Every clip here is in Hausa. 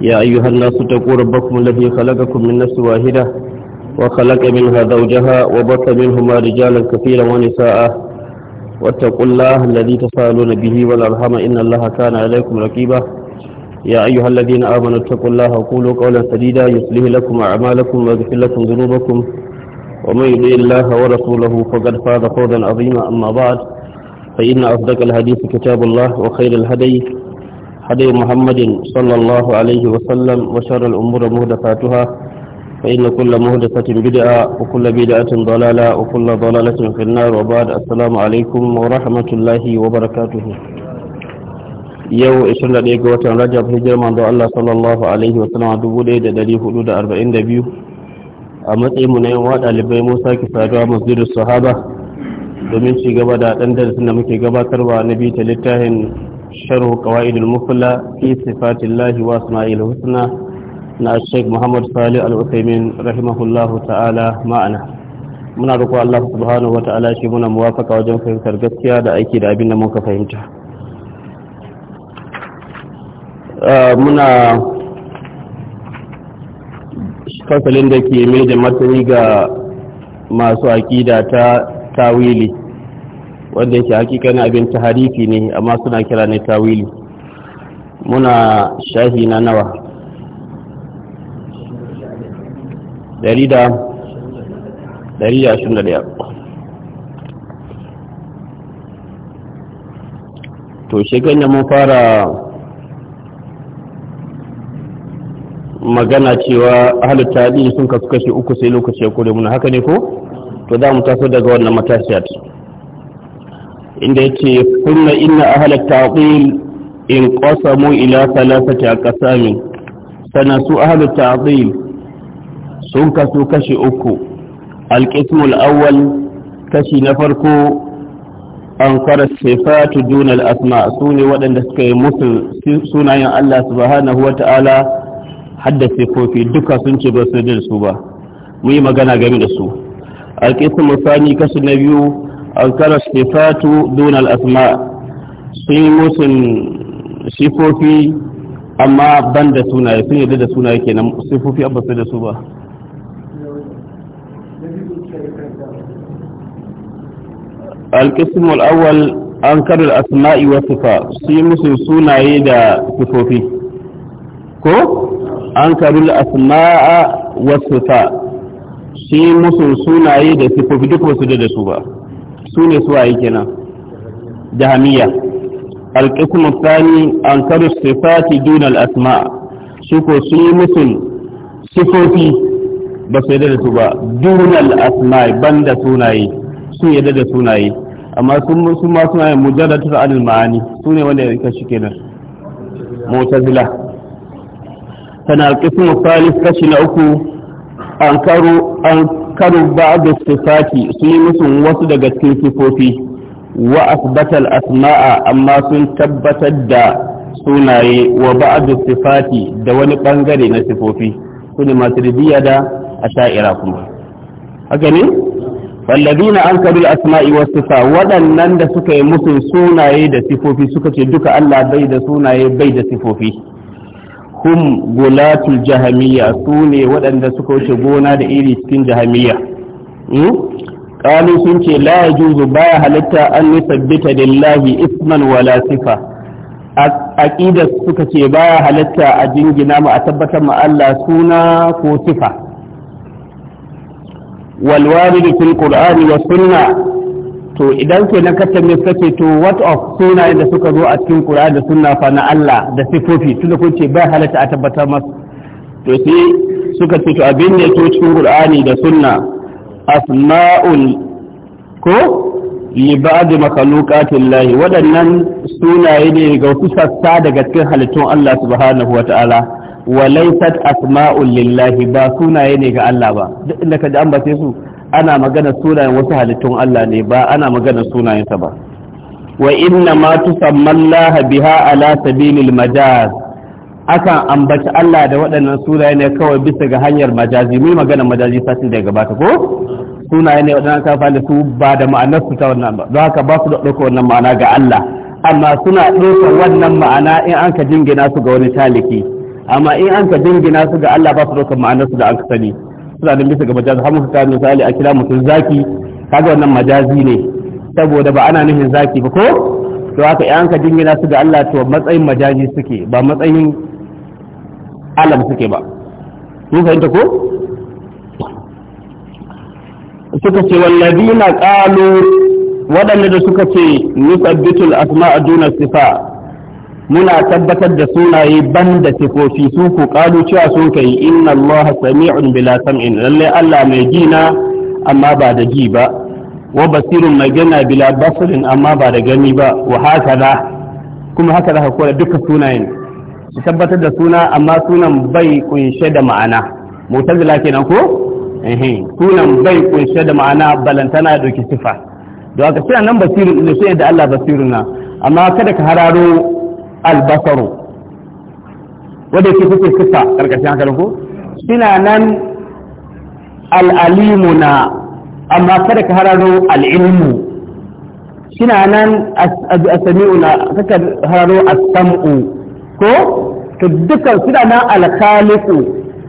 يا أيها الناس اتقوا ربكم الذي خلقكم من نفس واحدة وخلق منها زوجها وبث منهما رجالا كثيرا ونساء واتقوا الله الذي تساءلون به والأرحم إن الله كان عليكم رقيبا يا أيها الذين آمنوا اتقوا الله وقولوا قولا سديدا يصلح لكم أعمالكم ويغفر لكم ذنوبكم ومن يطع الله ورسوله فقد فاز فوزا عظيما أما بعد فإن أصدق الحديث كتاب الله وخير الهدي هدي محمد صلى الله عليه وسلم وشر الأمور مهدفاتها فإن كل مهدفة بدعة وكل بدعة ضلالة وكل ضلالة في النار وبعد السلام عليكم ورحمة الله وبركاته yau 21 ga watan rajab hijirar manzo Allah sallallahu alaihi wa sallam 1442 a matsayin mu na yin wa dalibai Musa ki saduwa masjidus sahaba domin ci gaba da dan da muke gabatarwa na bi ta littafin شرح قواعد المفلى في صفات الله واسماء na Sheikh Muhammad Salih Al-Uthaymin rahimahullahu ta'ala ma'ana muna Allah subhanahu wata'ala muna muwafaka wajen fahimtar gaskiya da aiki da abin da muka fahimta muna fasalin da ke mai da martani ga masu aƙida ta tawili wanda yake hakikanin abin taharifi ne amma suna kira ne tawili muna shahi na nawa dari da to shekar da mun fara magana cewa halitta sun kasu kashi uku sai lokaci ya kore muna haka ne ko to za mu taso daga wannan matashiyar inda yace kunna inna ahla ta'til in qasamu ila thalathati aqsam sana su ahla ta'til sun kasu kashi uku al awal al-awwal kashi na farko an kwara sifatu dunal asma su ne waɗanda suka yi musu sunayen Allah subhanahu wata'ala hadda sifofi duka sun ce ba su da su ba mu yi magana game da su alƙisun sani kashi na biyu aukar sifatu duna al'asma sun yi musun sifofi amma ban da sunaye sun yadda da sunaye kenan sifofi abba su da su ba القسم الأول أنكر الأسماء والصفات في مسلم سنة إذا صفوفي كو أنكر الأسماء والصفات في مسلم سنة إذا صفوفي da سجد ba. su ne suwaye kenan jahamiya alƙismu tsani an karu sifati dunal asma su ko su yi musul sifofi ba su yadda da su ba dunal asma ban da sunaye sun yadda da sunaye amma sun su ma mujallar mujarratar anil ma'ani su ne wanda ya kashi kenan mutazila sana alƙismu tsani kashi na uku an karu an ankaru ba'd sifati sun yi musu wasu daga cikin sifofi wa asbatal asma'a amma sun tabbatar da sunaye wa ba'd sifati da wani bangare na sifofi sune maturidiyya da asha'ira kuma haka ne wallazina ankaru asmai was sifa waɗannan da suka yi musu sunaye da sifofi suka ce duka Allah bai da sunaye bai da sifofi hum gulatul jahamiyya su ne waɗanda suka wuce gona da iri cikin jahamiyya ƙalu hmm? sun ce la yajuzu baya halitta an nusabbita lillahi isman wala sifa aqida suka ce baya halitta a jingina mu a tabbatar ma Allah suna ko sifa wal warid fil qur'ani wa sunna to idan ke na kacce mai kace to what of sunayen da suka zo a cikin kura da suna fa Allah da sifofi tunda kun ce bai halatta a tabbatar masu to sai suka ce to abin da yake cikin Qur'ani da sunna asma'ul ko li ba'd makhluqatillahi wadannan sunaye ne ga wasu sassa daga cikin halittun Allah subhanahu wata'ala wa laysat asma'ul lillahi ba sunaye ne ga Allah ba duk inda ka ji an bace su ana magana sunayen wasu halittun Allah ne ba ana magana sunayensa ba wa inna ma tusammallaha biha ala sabilil majaz akan ambaci Allah da waɗannan sunaye ne kawai bisa ga hanyar majazi mu magana majazi satin da ya gabata ko sunaye ne waɗannan kafa da su ba da ma'anar su ta wannan ba don haka ba su da ɗauka wannan ma'ana ga Allah amma suna ɗauka wannan ma'ana in an ka jingina su ga wani taliki amma in an ka jingina su ga Allah ba su ɗauka ma'anar su da an ka sani suna da bisa ga majazi har muka kawo misali a kira mutum zaki kaga wannan majazi ne saboda ba ana nufin zaki ba ko to haka yan ka dingina su ga Allah to matsayin majazi suke ba matsayin alam suke ba kun fahimta ko suka ce wallazina qalu waɗanda da suka ce nusabbitul asma'a duna sifa muna tabbatar da sunaye ban da sifofi su ku kalu cewa sun kai inna Allah sami'un bila sam'in lalle Allah mai ji na amma ba da ji ba wa basirun mai gana bila basirin amma ba da gani ba wa haka da kuma haka da kora duka sunayen su tabbatar da suna amma sunan bai kunshe da ma'ana mutazila lafiya ko sunan bai kunshe da ma'ana balantana da dauki sifa don haka suna nan basirin ne sai da Allah na amma kada ka hararo albasaru wanda yake kuke sifa karkashin hankalin ku suna nan al'alimu na amma kada ka hararo al'ilmu suna nan asami'u na kaka hararo asam'u ko to dukkan suna nan alkhaliqu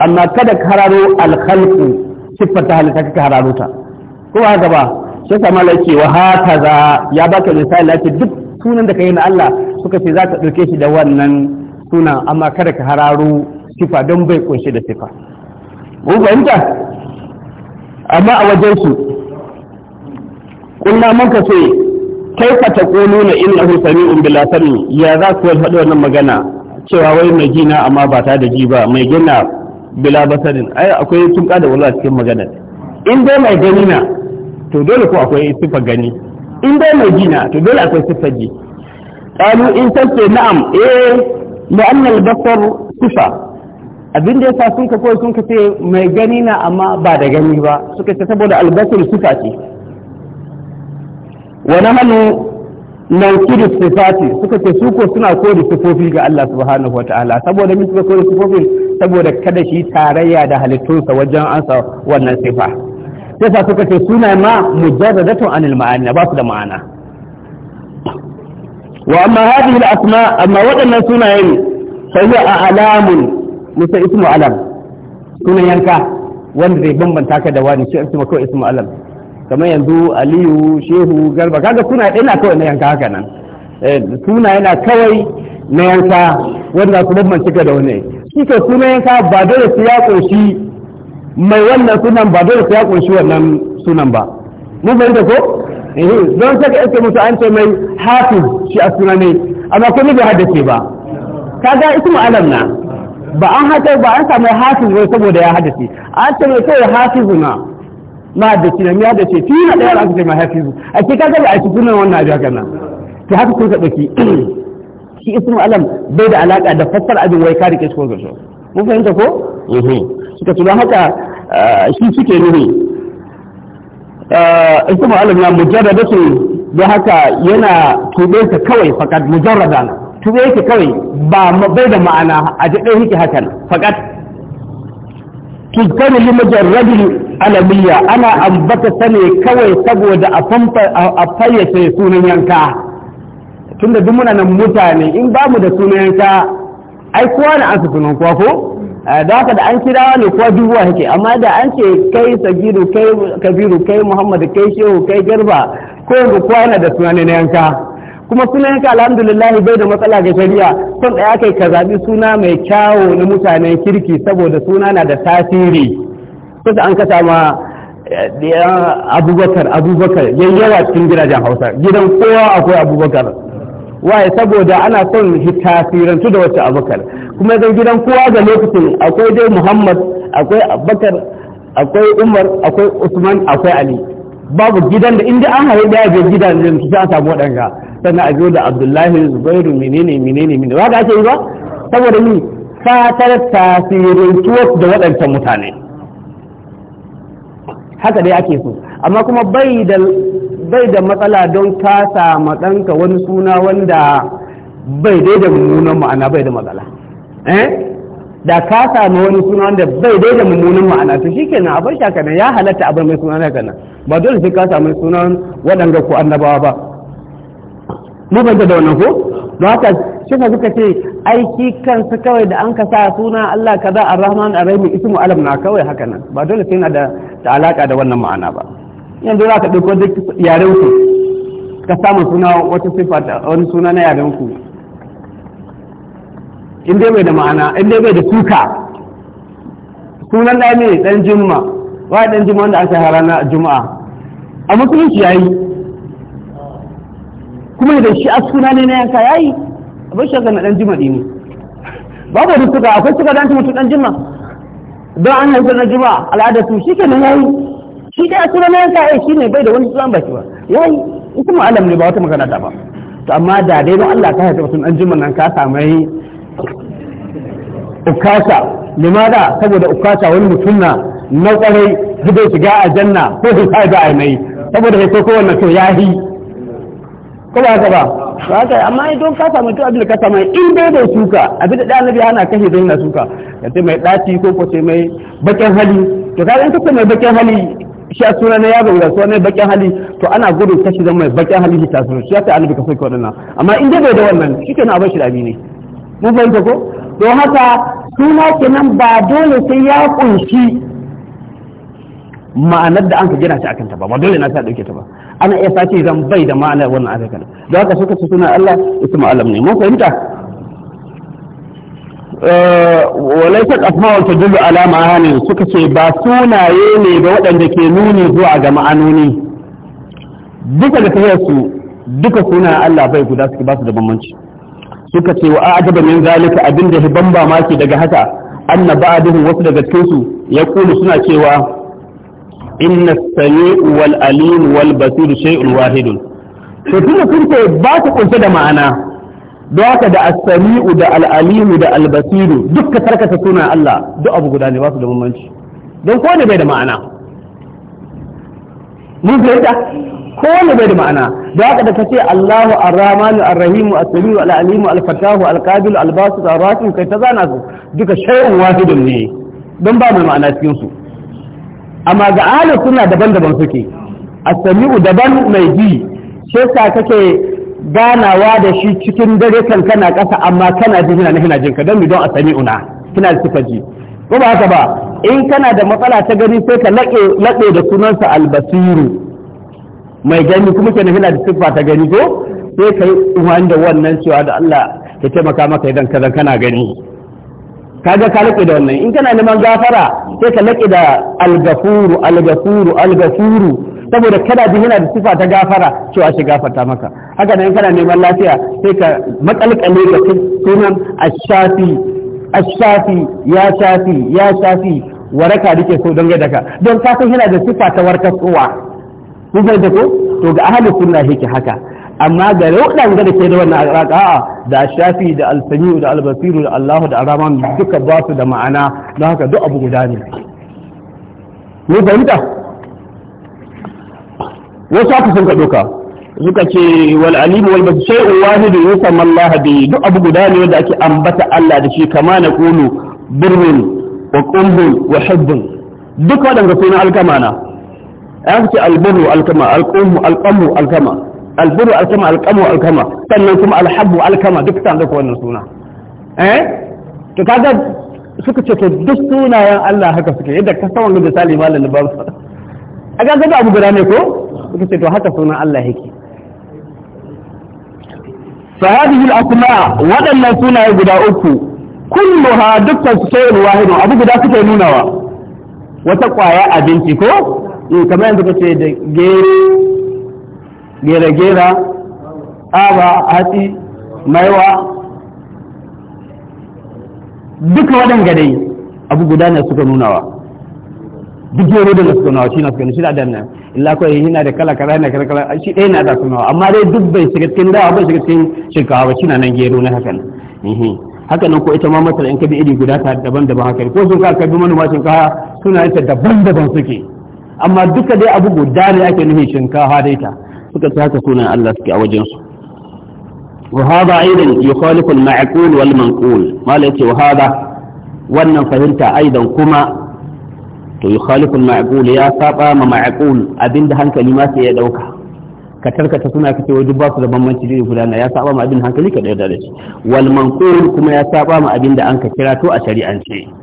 amma kada ka hararo alkhalqu siffar ta halitta kaka hararo ta ko ba gaba ba sai sama lake wa haka ya baka misali lake duk sunan da kai na Allah suka ce za ka ɗauke shi da wannan suna amma kada ka hararo sifa don bai kunshi da sifa mun fahimta amma a wajen su kulla man ka ce kai ka ta nuna na in na sami'un bila sami ya za ku faɗi wannan magana cewa wai mai gina amma ba ta da ji ba mai gina bila ai akwai tunka da wala cikin maganar in dai mai gani na to dole ko akwai sifa gani in dai mai gina to dole akwai sifa ji قالوا in sarce na'am إيه لأن البصر basar abin da yasa sun ka kawai sun ka ce mai gani na amma ba da gani ba suka ce saboda albasar suka ce wa nahnu naukiru sifati suka ce su ko suna kori sifofi ga Allah subhanahu ta'ala saboda mun suka kori sifofi saboda kada shi tarayya da halittunsa wajen ansa wannan sifa sai suka ce suna ma mujarradatun anil ma'ana ba su da ma'ana wa amma hadhihi da asma amma waɗannan sunaye ne sai ya alamun musa ismu alam sunan yanka wanda zai bambanta ka da wani shi ismu kawai ismu alam kamar yanzu aliyu shehu garba kaga suna ɗaya na kawai na yanka haka nan eh, suna yana kawai na yanka wanda su bambanta ka da wani shi ka suna yanka ba dole su ya ƙunshi mai wannan sunan ba dole su ya ƙunshi wannan sunan ba mun fahimta ko Eh, don saka yake musu an ce mai hafiz shi a suna ne amma kuma bai haddace ba ga ismu alam na ba an haka ba an samu hafiz ne saboda ya haddace an ce mai kawai hafi na ma haddace na mi haddace fi na ɗaya an ce mai hafizu a ke kaga da a cikin nan wannan abu nan to haka kun ka ɗauki shi ismu alam bai da alaƙa da fassar abin wai ka rike shi ko gaso mun fahimta ko mhm. suka ce haka ah, shi suke nuhi Eh, ita ma'alim na mujarrada su da haka yana tube ta kawai fakat mujarrada na tube yake kawai ba bai da ma'ana a ji yake hakan fakat tuzkari li mujarradin alamiya ana ambata sane kawai saboda a fayyace sunan yanka tunda duk muna nan mutane in ba mu da sunan yanka ai kowa na an sunan kowa ko Eh, da haka da an kira ne kuwa dubuwa yake amma da an ce kai sagiru kai kabiru kai muhammadu kai shehu kai garba ko yanzu kuwa yana da sunani na yanka kuma sunan yanka alhamdulillah bai da matsala ga shari'a son ɗaya kai ka zaɓi suna mai kyawo na mutanen kirki saboda suna na da tasiri kusa an kasa ma eh, abubakar abubakar yayyawa cikin gidajen hausa gidan kowa akwai abubakar waye saboda ana son tasirantu da wacce abubakar kuma zan gidan kowa ga lokacin akwai dai muhammad akwai abubakar akwai umar akwai usman akwai ali babu gidan da inda an haɗe daya bai gidan da su an samu waɗanga sannan a biyo da abdullahi zubairu menene menene menene ba ga ake yi ba saboda ni fatar tasirin tuwas da waɗancan mutane haka dai ake so amma kuma bai da bai da matsala don ka sama ɗanka wani suna wanda bai dai da mummunan ma'ana bai da matsala eh da ka sami wani suna wanda bai dai da mummunan ma'ana to shikenan abin shaka nan ya halatta abin mai suna haka nan ba dole sai ka sami sunan waɗanda ko annabawa ba mu banta da wannan ko don haka shi ka suka ce aiki kansu kawai da an ka sa suna Allah kaza ar-rahman ar-rahim ismu alam na kawai haka nan ba dole sai na da alaka da wannan ma'ana ba yanzu za ka ɗauko duk yaren ku ka samu suna wata sifa wani suna na yaren ku in dai bai da ma'ana in dai bai da suka sunan da ne dan jumma wa dan jumma wanda aka harana na juma'a a musulunci yayi kuma da shi a suna ne na yanka yayi abin shi na dan jumma ne babu da suka akwai suka dan mutu dan jumma don an haifa na juma'a al'ada su shi ke nan yayi shi dai a suna na yanka yayi eh, shine bai da wani sunan baki ba yayi ita kuma alam ne ba wata magana ta ba to amma da dai ba Allah ka haifa mutum dan jumma nan ka samu ukasa limada saboda ukasa wani mutum na na kwarai zai shiga a janna ko su sa da ainihi saboda kai ko wannan to ya yi ko ba ka ba ba ka amma idan ka samu to abin ka samu in dai da suka abin da annabi yana kashe don na suka ce mai daci ko ko mai bakin hali to ka in kace mai bakin hali shi a suna na yaro da suna bakin hali to ana gudun kashi don mai bakin hali shi ta suna shi ya ta annabi ka soke wannan amma in dai da wannan shi ke na abin shi da bi ne mun fahimta ko don haka suna kenan ba dole sai ya kunshi ma'anar da an ka gina shi akan ta ba ba dole na sa dauke ta ba ana iya sace zan bai da ma'anar wannan azaka don haka suka ce suna Allah ismu alam ne mun fahimta eh, walaisa asma'ul tadullu ala ma'ani suka ce ba sunaye ne ga waɗanda ke nuni zuwa ga ma'anoni duka da tafiyar su duka suna Allah bai guda suke ba su da bambanci suka ce wa ajaba min zalika abinda shi ban mamaki daga haka anna ba'dahu wasu daga cikin su yaqulu suna cewa inna sami'u wal alim wal basir shay'un wahidun to tunda kun ce ba su kunce da ma'ana don haka da as-sami'u da al-alimu da al-basiru dukka tarkata suna Allah duk abu guda ne ba su da bambanci don ko ne bai da ma'ana mun fahimta ko wani bai da ma'ana da haka da ka ce Allahu Ar-Rahmanu Ar-Rahim As-Samiu Al-Alim Al-Fatahu Al-Qabil Al-Basit Ar-Rahim kai ta zana su duka shay'un wahidun ne don ba mai ma'ana cikin su amma ga ahlus suna daban-daban suke As-Samiu daban mai ji shi yasa kake ganawa da shi cikin dare kan kana kasa amma kana ji na jin ka don mi don As-Samiu na kina da sifar ji ko ba haka ba in kana da matsala ta gani sai ka laƙe da sunansa Al-Basiru mai gani kuma ke yana da siffa ta gani ko sai ka yi umarni da wannan cewa da Allah ya taimaka maka idan ka kana gani kaga ka laƙe da wannan in kana neman gafara sai ka laƙe da algafuru algafuru algafuru saboda kada ji yana da sifa ta gafara cewa shi gafarta maka haka nan kana neman lafiya sai ka makalƙale ga sunan ashafi ashafi ya shafi ya shafi waraka dake so don da ka don ka san yana da siffa ta warkarwa kun fahimta ko to ga ahli sunna yake haka amma ga rauɗan da ke da wannan alaƙa a da shafi da alsami'u da albasiru da allahu da araman duka ba su da ma'ana don haka duk abu guda ne ne fahimta wasu haka sun ka doka suka ce wal alimu wal basu shay'un wahidu yusamma Allah bi duk abu guda ne wanda ake ambata Allah da shi kama na kulu, birnin, wa qumbun wa hubbun duk waɗanda sunan alkamana ya ce alburu alkama alqamu alqamu alkama alburu alkama alqamu alkama sannan kuma alhabu alkama duk san da wannan suna eh to kaga suka ce to duk sunayen Allah haka suke yadda ka san wannan misali malam ba a ga ga abu guda ne ko suka ce to haka sunan Allah yake fa hadhihi al-asma wadannan sunaye guda uku kulluha dukkan su shay'un wahidun abu guda suke nunawa wata kwaya abinci ko Eh, kamar yadda kace da gera gera aba hatsi maiwa duka waɗanga dai abu guda ne suka nunawa duk yaro da suka nunawa shi na suka nunawa shi da nan illa yi yana da kala kala na kala kala shi ɗaya na da suna amma dai duk bai shiga cikin da bai shiga cikin shinkawa ba shi na nan gero na hakan haka nan ko ita ma masara in ka bi iri guda ta daban-daban haka ko sun ka bi manoma shinkawa suna ita daban-daban suke amma duka dai abu guda ne ake nufin shinkafa da ita suka ci haka sunan Allah suke a wajen su wa hada aidan yukhalifu al-ma'qul wal manqul mala yace wa hada wannan fahimta aidan kuma to yukhalifu al-ma'qul ya saba ma ma'qul abinda hankali ma sai ya dauka ka tarkata suna kace wajen ba su da bambanci da guda na ya saba ma abin hankali ka da shi wal manqul kuma ya saba ma abinda an ka kira to a shari'ance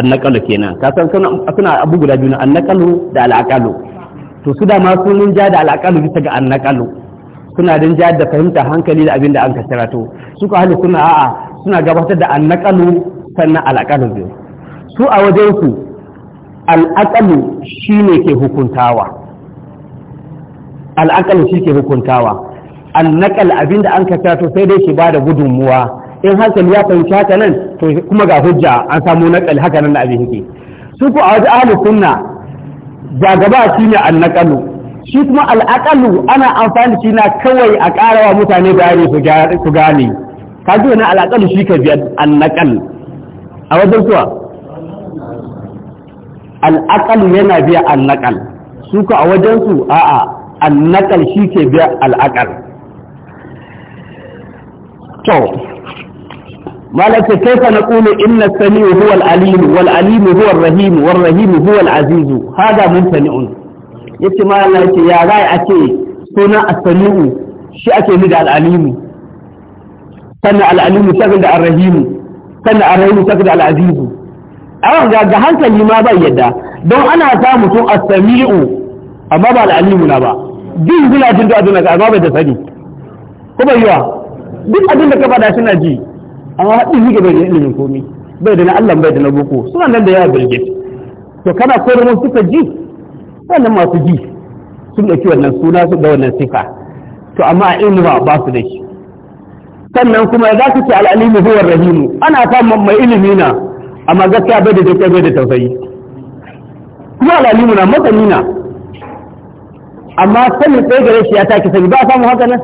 annakalu kenan ka san suna abu guda biyu annakalu da al'aqalu to su da ma sun ja da al'aqalu bisa ga annakalu suna din ja da fahimta hankali da abin da an to su ka hali suna a'a suna gabatar da annaqalu sannan al'aqalu biyu su a wajen su al'aqalu shine ke hukuntawa al'aqalu shi ke hukuntawa annakal abin da an to sai dai shi ba da gudunmuwa in hankali ya fahimci haka nan to kuma ga hujja an samu nakal haka nan da abin yake su ko a waje ahlus sunna ne shine annaqalu shi kuma al'akalu ana amfani shi na kawai a karawa mutane bayani su gane ka ji wani al'akalu shi ka biyar annaqal a wajen suwa al'akalu yana biya annaqal su ko a wajen su a'a annaqal shi ke biya al'akal to malaka kaifa naqulu inna samiu huwa al-alim wal alim huwa ar-rahim war rahim huwa al-aziz hada mumtani'un yace malaka yace ya rai ake suna as-samiu shi ake ni da al-alim sannan al-alim sakin da ar-rahim al-aziz an ga hankali ma bai yadda don ana samu tun as-samiu amma ba na ba da bai da sani ko yiwa duk abin ka faɗa suna ji amma haɗin shi bai da ilimin komi bai da na Allah bai da na boko suna nan da yawa birge to kana ko da suka ji sannan masu ji sun ɗauki wannan suna su da wannan sifa to amma a ilmi ba ba su da shi sannan kuma za ka ce al'alimi zuwa rahimu ana samun mai ilimi na amma gaskiya bai da gaskiya bai da tausayi kuma al'alimi na matsani na amma sanin tsaye gare shi ya take sani ba a samun haka nan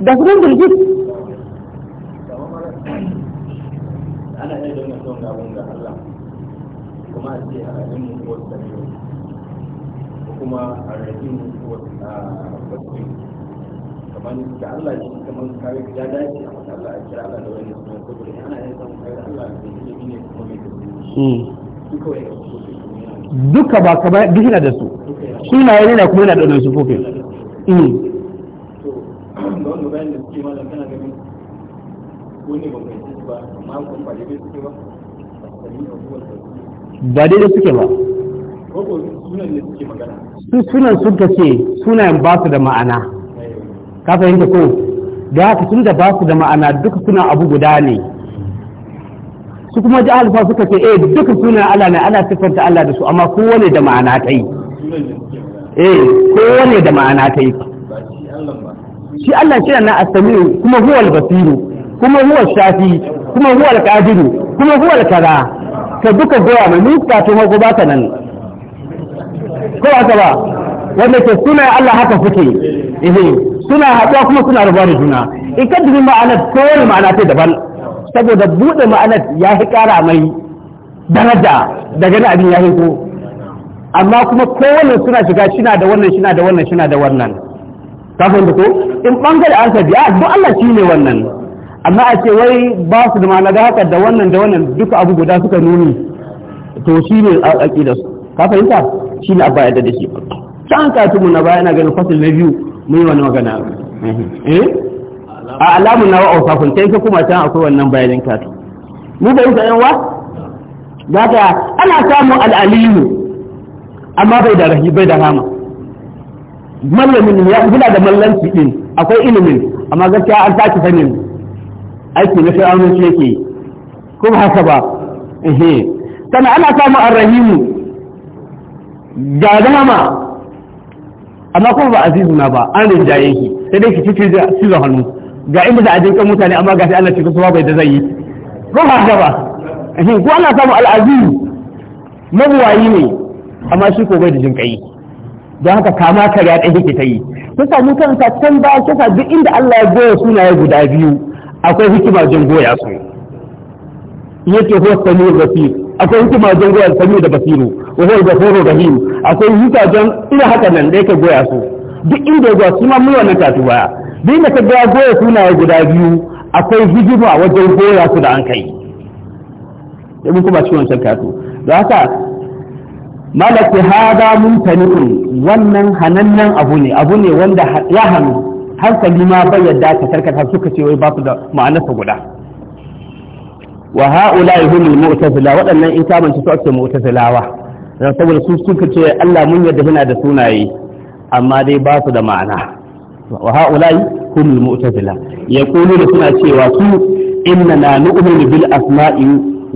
da su nan birgit ana iya don mutum ga wanda Allah kuma a ce harajin mu ko tsari ko kuma harajin mu a tsari kamar da Allah shi kamar kawai ya dace a mata Allah a kira Allah da wani suna saboda ana iya samun kare Allah da ilimi ne kuma mai gaske hmm. duka ba ka bayan duk yana da su na yi na kuma yana da wani sufofin hmm. to da wani bayan da suke malam kana gani wani bambanci ba da suke ba su sunan sun ka ce sunayen ba su da ma'ana ka fahimta ko da haka tun da ba su da ma'ana duka suna abu guda ne su kuma ji alfa suka ce eh duka sunan Allah ne ana siffanta Allah da su amma kowane da ma'ana ta yi eh kowane da ma'ana ta yi shi Allah shi na asami kuma huwal basiru kuma huwa shafi kuma huwa alƙadiru kuma huwa alƙara ka duka goya mai nista tun hagu ba ta nan ko haka ba wanda ke suna Allah haka suke ihe suna haɗuwa kuma suna rubuwa da juna in ka dubi ma'anar kowane ma'ana ta daban saboda buɗe ma'anar ya fi ƙara mai daraja daga na abin ya hiko amma kuma kowane suna shiga shina da wannan shina da wannan shina da wannan kafin da ko in ɓangare an ka biya duk Allah shi ne wannan amma a ce wai ba su da ma'ana da haka da wannan da wannan duka abu guda suka nuni to shi ne a aƙidar su ka fahimta shi ne abba yadda da shi can ka mu na baya na ganin fasil na biyu mun yi wani magana eh? a alamun na wa'au kafin ta yi kuma can akwai wannan bayanin katu mu bai ta yawa za ka ana samun al'aliyu amma bai da rahi bai da rama mallamin ya kula da mallanci din akwai ilimin amma gaskiya an sake sanin aiki na fir'aunci yake kuma haka ba ehe sannan ana samu arrahimu ga dama amma kuma ba azizu na ba an rinjaye ki sai dai ki cikin cizon hannu ga inda da a kan mutane amma ga sai ana cikin suwa bai da zai yi ko ba haka ba ehe ko ana samu al'azizu mabuwayi ne amma shi ko bai da jinkai don haka kama kariya ɗaya ke ta yi kusa mun karanta can ba kusa duk inda Allah ya goya sunaye guda biyu akwai hikima jin goya su yake huwa da basiru akwai hikima jin goya sami da basiru wa huwa da rahim akwai hikima jin ina haka nan da yake goya su duk inda ya goya su ma mu wannan tatu baya duk inda ka ga goya na guda biyu akwai hikima wajen goya su da an kai da mun kuma ciwon shan kato da haka malaki hada mumtani'un wannan hanannan abu ne abu ne wanda ya hannu hankali ma bai yadda ka tarkata suka ce wai ba su da ma'anarsa guda wa ha'ula yahumul mu'tazila waɗannan in kamance su ake mu'tazilawa dan saboda su suka ce Allah mun yadda yana da sunaye amma dai ba su da ma'ana wa ha'ula humul mu'tazila yaquluna suna cewa su innana nu'minu bil asma'i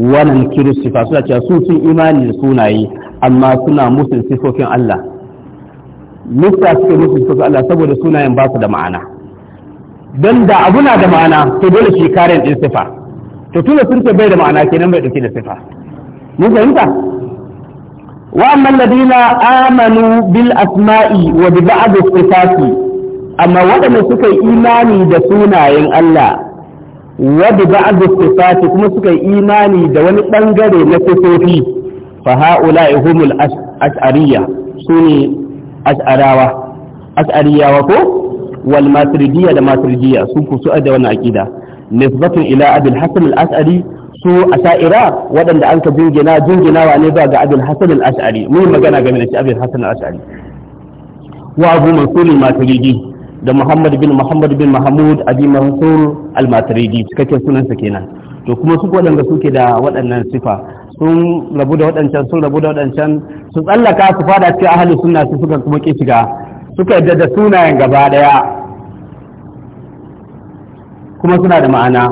wa nankiru sifat suna cewa su sun imani da sunaye amma suna musul sifofin Allah lissa suke musu su Allah saboda sunayen ba su da ma'ana don da abu na da ma'ana to dole shi karen din sifa to tuna sun ce bai da ma'ana kenan bai dauke da sifa mun fahimta wa amman ladina amanu bil asma'i wa bi ba'd sifati amma waɗanda suka yi imani da sunayen Allah wa bi ba'd sifati kuma suka yi imani da wani bangare na sifofi fa ha'ula'i humul ash'ariyya suni. ash'arawa ash'ariyawa ko wal maturidiyya da maturidiyya su ku su da wannan aqida nisbatun ila abul hasan al ash'ari su ash'ira waɗanda an ka jingina jinginawa ne ba ga abul hasan al ash'ari mun magana game da shi abul hasan al ash'ari wa abu mansur maturidi da Muhammad bin Muhammad bin Mahmud Abi Mansur Al-Maturidi cikakken sunansa kenan to kuma su waɗanda suke da waɗannan sifa sun rabu da waɗancan sun rabu da waɗancan su tsallaka su fada cikin ahlus sunna su suka kuma ki shiga suka yadda da sunayen gaba daya kuma suna da ma'ana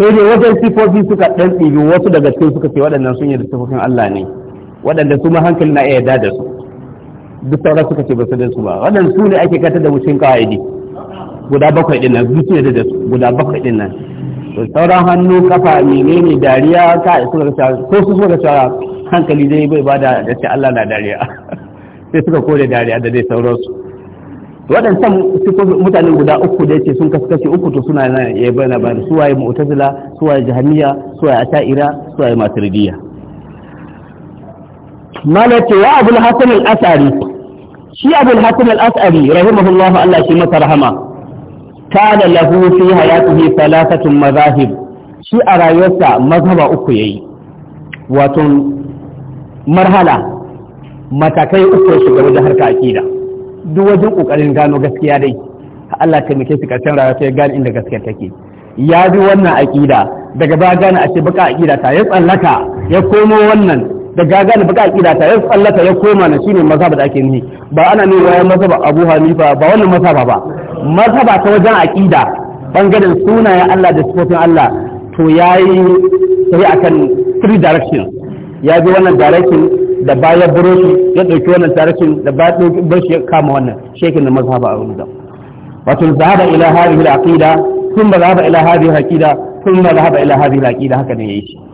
sai dai wajen sifofi suka ɗan ɗibi wasu daga cikin suka ce waɗannan sun da sifofin Allah ne waɗanda su ma hankali na iya yarda da su duk sauran suka ce ba su da su ba wannan su ne ake kata da wucin ka'idi guda bakwai din nan duk ne da su guda bakwai din nan to sauran hannu kafa menene dariya ka ga cewa ko su suka cewa hankali dai bai bada da ce Allah na dariya sai suka kore dariya da dai sauransu waɗancan mutane guda uku da ce sun kaskace uku to suna yana yabana ba su waye mu'tazila su waye jahamiya su waye asha'ira su waye maturidiya malaka ya abul hasan al-asari shi abul hasan al-asari rahimahullahu Allah shi masa rahama kana lahu fi hayatihi thalathatu mazahib shi a rayuwarsa mazhaba uku yayi wato marhala matakai uku shiga wajen harka akida duk wajen kokarin gano gaskiya dai Allah taimake shi karshen rayuwa ya gane inda gaskiya take ya bi wannan aƙida daga baya gane a ce baka aƙida ta ya tsallaka ya komo wannan da gagani baka akida ta ya tsallaka ya koma na shine mazhab da ake nihi ba ana ne wayan mazhab Abu Hanifa ba wannan mazhab ba mazhab ta wajen akida bangaren sunayen Allah da sifofin Allah to yayi sai akan three directions ya bi wannan direction da baya buroshi ya dauki wannan direction da baya dauki buroshi ya kama wannan shekin da mazhab a wurin wato zahaba ila hadhihi al-aqida thumma zahaba ila hadhihi al-aqida thumma zahaba ila hadhihi al-aqida haka ne yayi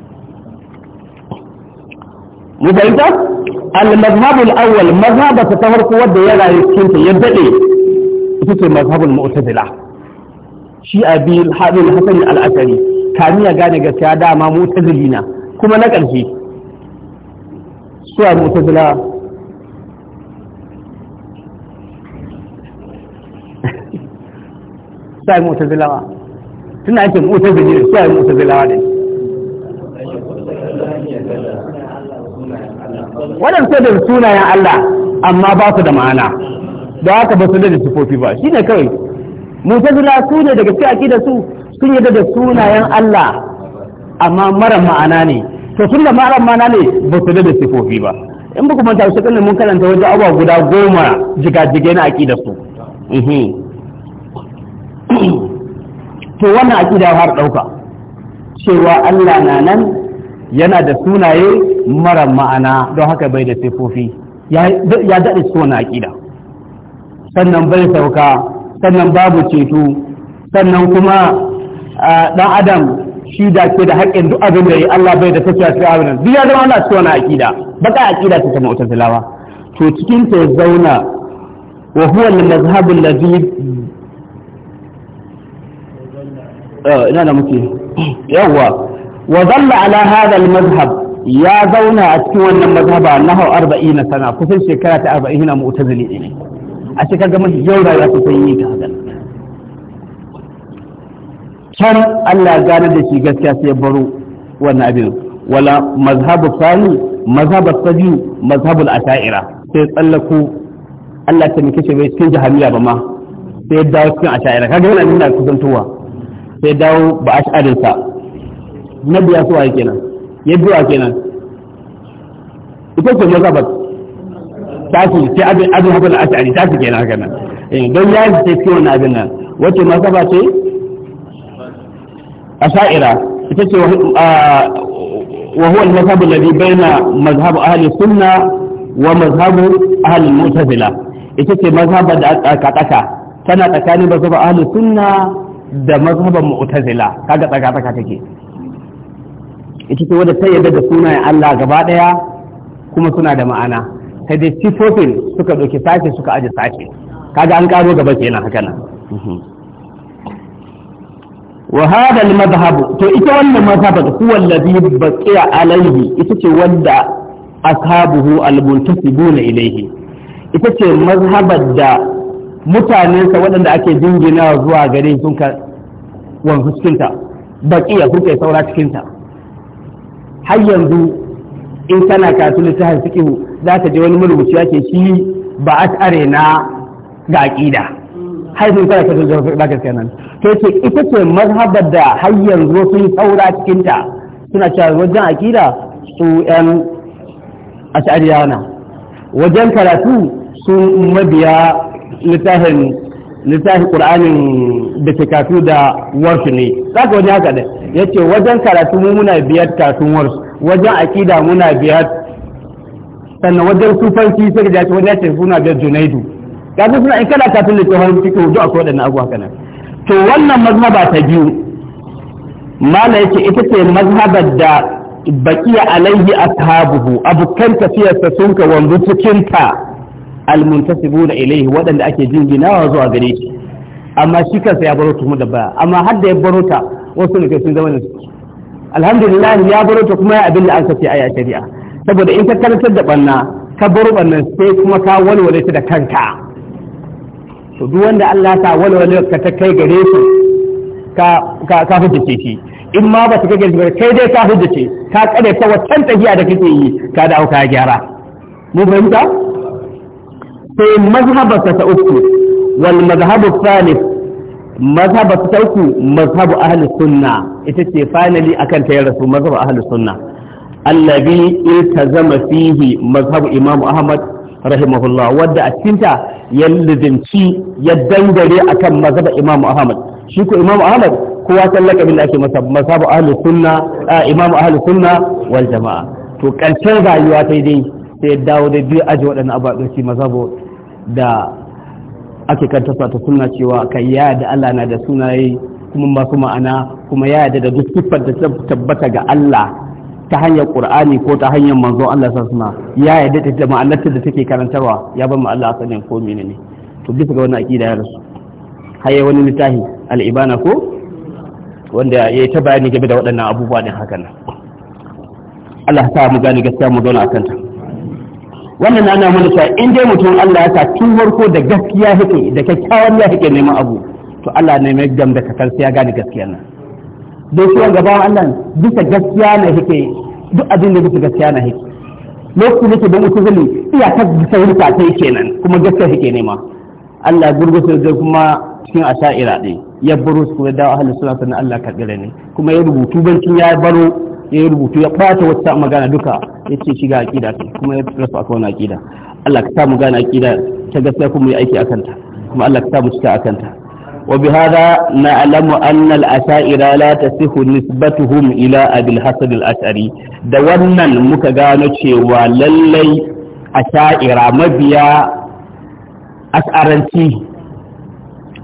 mu fahimta al al awwal mazhaba ta farko wanda ya rayu cikin ta ya dade ita ce al mu'tazila shi abi al al hasan al-asari kani ya gane gaskiya dama mu'tazili na kuma na ƙarshe suwa mu'tazila sai mu'tazila tana yake mu'tazili suwa mu'tazila ne waɗansu da sunayen Allah amma ba su da ma'ana da haka ba su da sifofi ba shi ne kawai mutazila su ne daga cikin akida su sun yarda da sunayen Allah amma mara ma'ana ne to sun da mara ma'ana ne ba su da sifofi ba in ba kuma tashi kallon mun karanta wajen abubuwa guda goma jigajigai na akida su to wannan akida har ɗauka cewa Allah na nan yana da sunaye mara ma'ana don haka bai da sifofi ya daɗe so na aƙida sannan bai sauka sannan babu ceto sannan kuma ɗan adam shi da ke da haƙƙin duk abin da ya Allah bai da tafiya su abin duk ya zama Allah cikin wani aƙida baka aƙida ta kama wata filawa to cikin ta zauna wa huwa na mazhabu alladhi eh, ina da muke yawwa wa dhalla ala hadha al-mazhab ya zauna a cikin wannan mazhaba na hau arba'i na sana kusan shekara ta arba'i na zane ne a shi gama mafi yau rayuwa kusan yi ta haka can Allah gane da shi gaskiya sai baro wannan abin wala mazhabu Sani, mazhabu sabiyu mazhabu asha'ira sai tsallako Allah ta mike shi bai cikin jahamiya ba ma sai dawo cikin asha'ira kaga yana nuna kusantowa sai dawo ba ash'arinsa na biya suwa kenan yadda kenan ita ce ya zaba ta su ce abin abin hafa da ashari ta su kenan haka nan eh, don ya yi ce ciwon na abin nan wace ma zaba ce a sha'ira ita ce wa huwa al-mazhabu alladhi bayna mazhab ahli sunna wa mazhab ahli mu'tazila ita ce mazhaba da aka kaka tana tsakanin mazhab ahli suna da mazhab mu'tazila kaga tsaka tsaka take ita ce wadda ta yarda da sunayen Allah gaba daya kuma suna da ma'ana sai dai sifofin suka ɗauki sake suka aje sake kaga an karo gaba kenan haka nan wa hada al-madhhab to ita wannan mazhaba huwa alladhi baqiya alayhi ita ce wanda ashabuhu al-muntasibuna ilayhi ita ce mazhabar da sa waɗanda ake jingina zuwa gare sun ka wanzu cikinta baqiya sun kai saura cikinta har yanzu in kana kasu littafin fiqh za ka je wani marubuci ke shi ba tsare na ga aqida har sun kana kasu littafin fiqh ka nan to yake ita ce mazhabar da har yanzu sun saura cikin ta suna cewa wajen aqida su yan ash'ariyana wajen karatu sun mabiya littafin littafin qur'anin da ke kasu da warshi ne za ka wajen haka dai yace wajen karatu mu muna biyar kasuwar wajen akida muna biyar sannan wajen sufanci sai da wani yace suna biyar junaidu kafin suna in kana kafin da tsohon cikin a akwai waɗannan abubuwa kana to wannan mazhaba ta biyu mala yace ita ce mazhabar da baqiya alaihi ashabuhu abukan tafiyarsa sun ka wanzu cikin ta almuntasibuna ilaihi waɗanda ake jinginawa zuwa gare shi amma shi kansa ya baro tumu da baya amma har da ya baro ta wasu ne sun zama da su alhamdulillah ya baro ta kuma ya abin da an sace a shari'a saboda in ka karantar da banna ka baro bannan sai kuma ka walwale ta da kanka to duk wanda Allah ta walwale ka ta kai gare shi ka ka ka shi in ma ba ta kai gare shi kai dai ka hujjace ka kare ta wancan tafiya da kake yi ka dawo ka gyara mu fahimta sai mazhabarsa ta uku wal mazhabu thalith mazhaba ta uku mazhabu ahli sunna ita ce finally akan ta rasu mazhabu ahli sunna allabi iltazama fihi mazhabu imamu ahmad rahimahullah wadda a cikin ta ya lizinci ya dangare akan mazhabu imamu ahmad shi ko ahmad kowa tallaka bin da ake masa mazhabu ahli sunna imamu ahli jama'a to karshen rayuwa ta dai sai dawo da biyu aji waɗannan ababen da ake kan tasa ta suna cewa kai ya da Allah na da sunaye kuma masu ma'ana kuma ya da da duk siffar da tabbata ga Allah ta hanyar Qur'ani ko ta hanyar manzo Allah sa suna ya yadda da ma'anarta da take karantarwa ya bar mu Allah sanin ko menene to bisa ga wannan akida ya rasu haye wani littafi al-ibana ko wanda ya yi ta bayani game da waɗannan abubuwa din haka nan Allah sa mu gane gaskiya mu zauna a kanta wannan na nuna mana cewa in dai mutum Allah ya sa tun da gaskiya yake da kyakkyawan ya yake neman abu to Allah ne mai gam da kakar sai ya gane gaskiya nan don shi wanga bawan Allah bisa gaskiya na yake duk abin da bisa gaskiya na yake lokacin da ke don mutum zali iya sauri ta sai kenan kuma gaskiya yake nema Allah gurgusa da kuma cikin asha'ira ɗin ya baro su da dawo ahalin suna sannan Allah karɓi ne kuma ya rubutu bancin ya baro ya rubutu ya ɓata wata magana duka ya ce shiga aƙida kuma ya rasa aka wani aƙida Allah ka samu gane aƙida ta gaskiya kuma ya aiki a kanta kuma Allah ka samu cika a kanta wa bi hada na'lamu anna al-asha'ira la tasihu nisbatuhum ila abil hasan al-ash'ari da wannan muka gano cewa lallai asha'ira mabiya as'aranci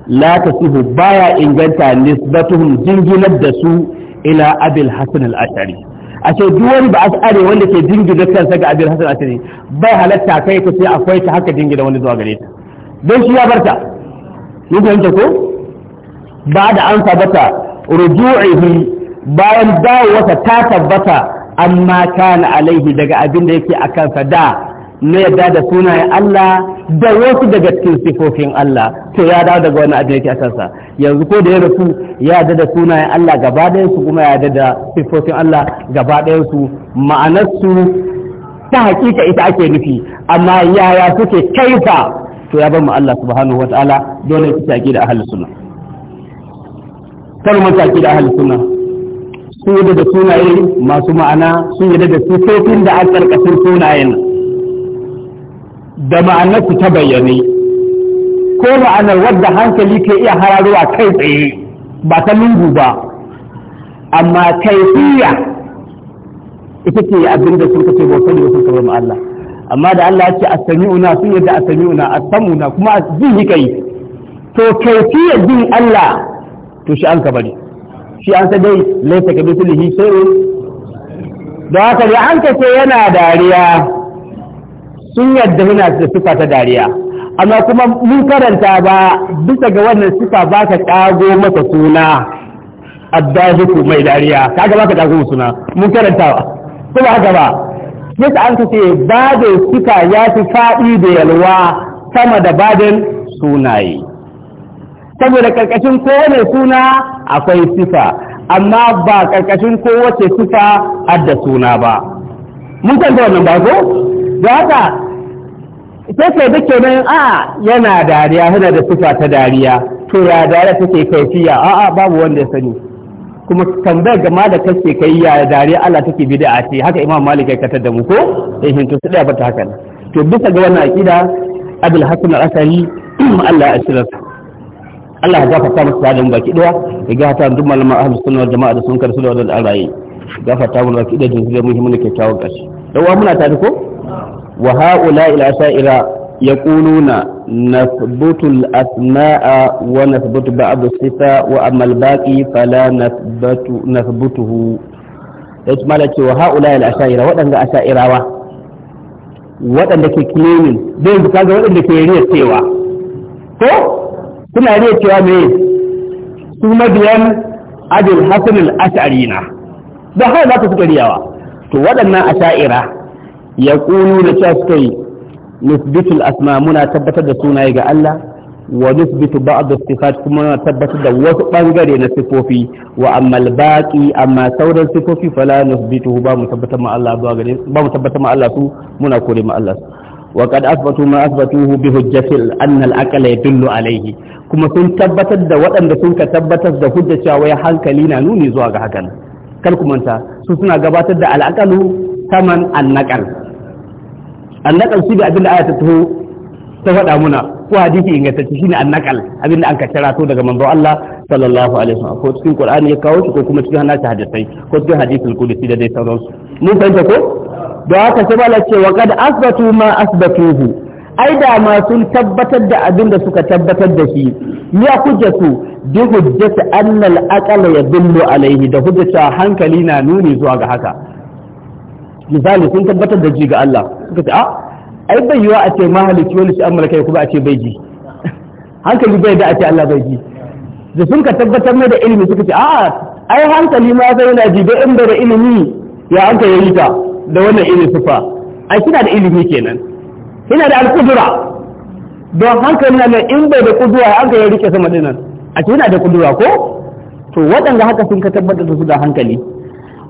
la tasihu baya inganta nisbatuhum jinginar da su ila abil hasan al-ashari a ce duk wani ba ashari wanda ke jingina kansa ga abil hasan al-ashari bai halatta kai ko sai akwai ta haka jingina wani zuwa gare ta don shi ya barta mun fahimta ko ba da an tabbata ruju'ihi bayan dawowarsa ta tabbata amma kana alaihi daga abin da yake a kansa da na yadda da sunayen Allah da wasu daga cikin sifofin Allah to ya dawo daga wani abin yake a kansa yanzu ko da ya rasu ya yadda da sunayen Allah gaba ɗayan su kuma ya yadda da sifofin Allah gaba ɗayan su ma'anar su ta hakika ita ake nufi amma yaya suke kaifa to ya bamu Allah subhanahu wa ta'ala dole ki taki da ahli sunna kalmar taki da ahli sunna yadda da sunaye masu ma'ana sun yadda da sifofin da an karkashin sunayen da ma'anarsu ta bayyane ko ma'anar wadda hankali ke iya hararowa kai tsaye ba ta lungu ba amma kaifiya ita ce abin da suka ce bautar da suka bar Allah amma da Allah ya ce asami'una sun yadda a asami'una asamuna kuma a ji kai to kaifiyar jin Allah to shi an ka bari shi an sa dai laifaka bisu lihi sulhi sai da haka da an ka ce yana dariya sun yadda muna da sufa ta dariya amma kuma mun karanta ba bisa ga wannan sufa ba ka ƙago masa suna addahiku mai dariya kaga ba ka ƙago suna mun karanta ba kuma haka ba yadda an kace babin sufa ya fi faɗi da yalwa sama da badin sunaye saboda karkashin kowane suna akwai sufa amma ba ƙarƙashin kowace har da suna ba mun kanta wannan ba ko da haka ita ce duk nan a yana dariya yana da sifa ta dariya to ya dariya take kaifiya a a babu wanda ya sani kuma tambayar gama da kake kai ya dariya Allah take bid'a ce haka Imam Malik ya katar da mu ko eh hinto su daya bata haka to bisa ga wannan aqida abul Hasan al-Asari Allah ya asira Allah ya gafarta musu da mu baki daya ya gafarta duk malaman ahlus sunna wal jama'a da sun karsu da wannan alrayi gafarta mu baki da jinjiri muhimmin da kyakkyawan kashi dan uwa muna tare ko وهؤلاء الأشائرة يقولون نثبت الأسماء ونثبت بعض الصفة وأما الباقي فلا نثبت نثبته إجمالة وهؤلاء الأشائرة وأن الأشائرة وأن لكي كليمين دين بكاغة وأن لكي ريه سيوا تو كنا ريه سيوا مين ثم بيان أبي الحسن الأشعرين ده هذا لا تسكريوا تو وأن الأشائرة ya kulu da cewa suka yi nusbitul asma muna tabbatar da sunaye ga Allah wa nusbitu ba'd as-sifat kuma muna tabbatar da wasu bangare na sifofi wa amma al-baqi amma sauran sifofi fala nusbituhu ba mu tabbatar ma Allah ba gare ba mu tabbatar ma Allah su muna kore ma Allah wa qad asbatu ma asbatuhu bi hujjatil anna al-aqla yadullu alayhi kuma sun tabbatar da waɗanda sun ka tabbatar da hujja cewa hankali na nuni zuwa ga hakan kar ku manta su suna gabatar da al-aqlu saman annakal annakal shi da abinda aya ta taho ta faɗa muna ko hadisi ingantacce shine annakal abinda an ka to daga manzo Allah sallallahu alaihi wasallam ko cikin Qur'ani ya kawo shi ko kuma cikin hannata hadisai ko cikin hadisul qudsi da dai sauransu mun fahimta ko da haka sai bala ce wa qad asbatu ma asbatuhu ai da ma sun tabbatar da abin da suka tabbatar da shi ya hujjatu bi hujjati annal aqala yadullu alaihi da hujjata hankali na nuni zuwa ga haka misali sun tabbatar da ji ga Allah suka ce a ah, ai bai yiwa a ce mahalicci wani shi'an malakai kuma a ce bai ji hankali bai da a ce Allah bai ji da sun ka tabbatar mai da ilimi suka ce a ah, ai hankali ma sai yana ji da inda da ilimi ya an ya yi ta da wannan ilimi sufa ai kina da ilimi kenan kina da alƙudura don hankali na in bai da kudura an ka rike sama dinan a ce yana da kudura ko to waɗanda haka sun ka tabbatar da su da hankali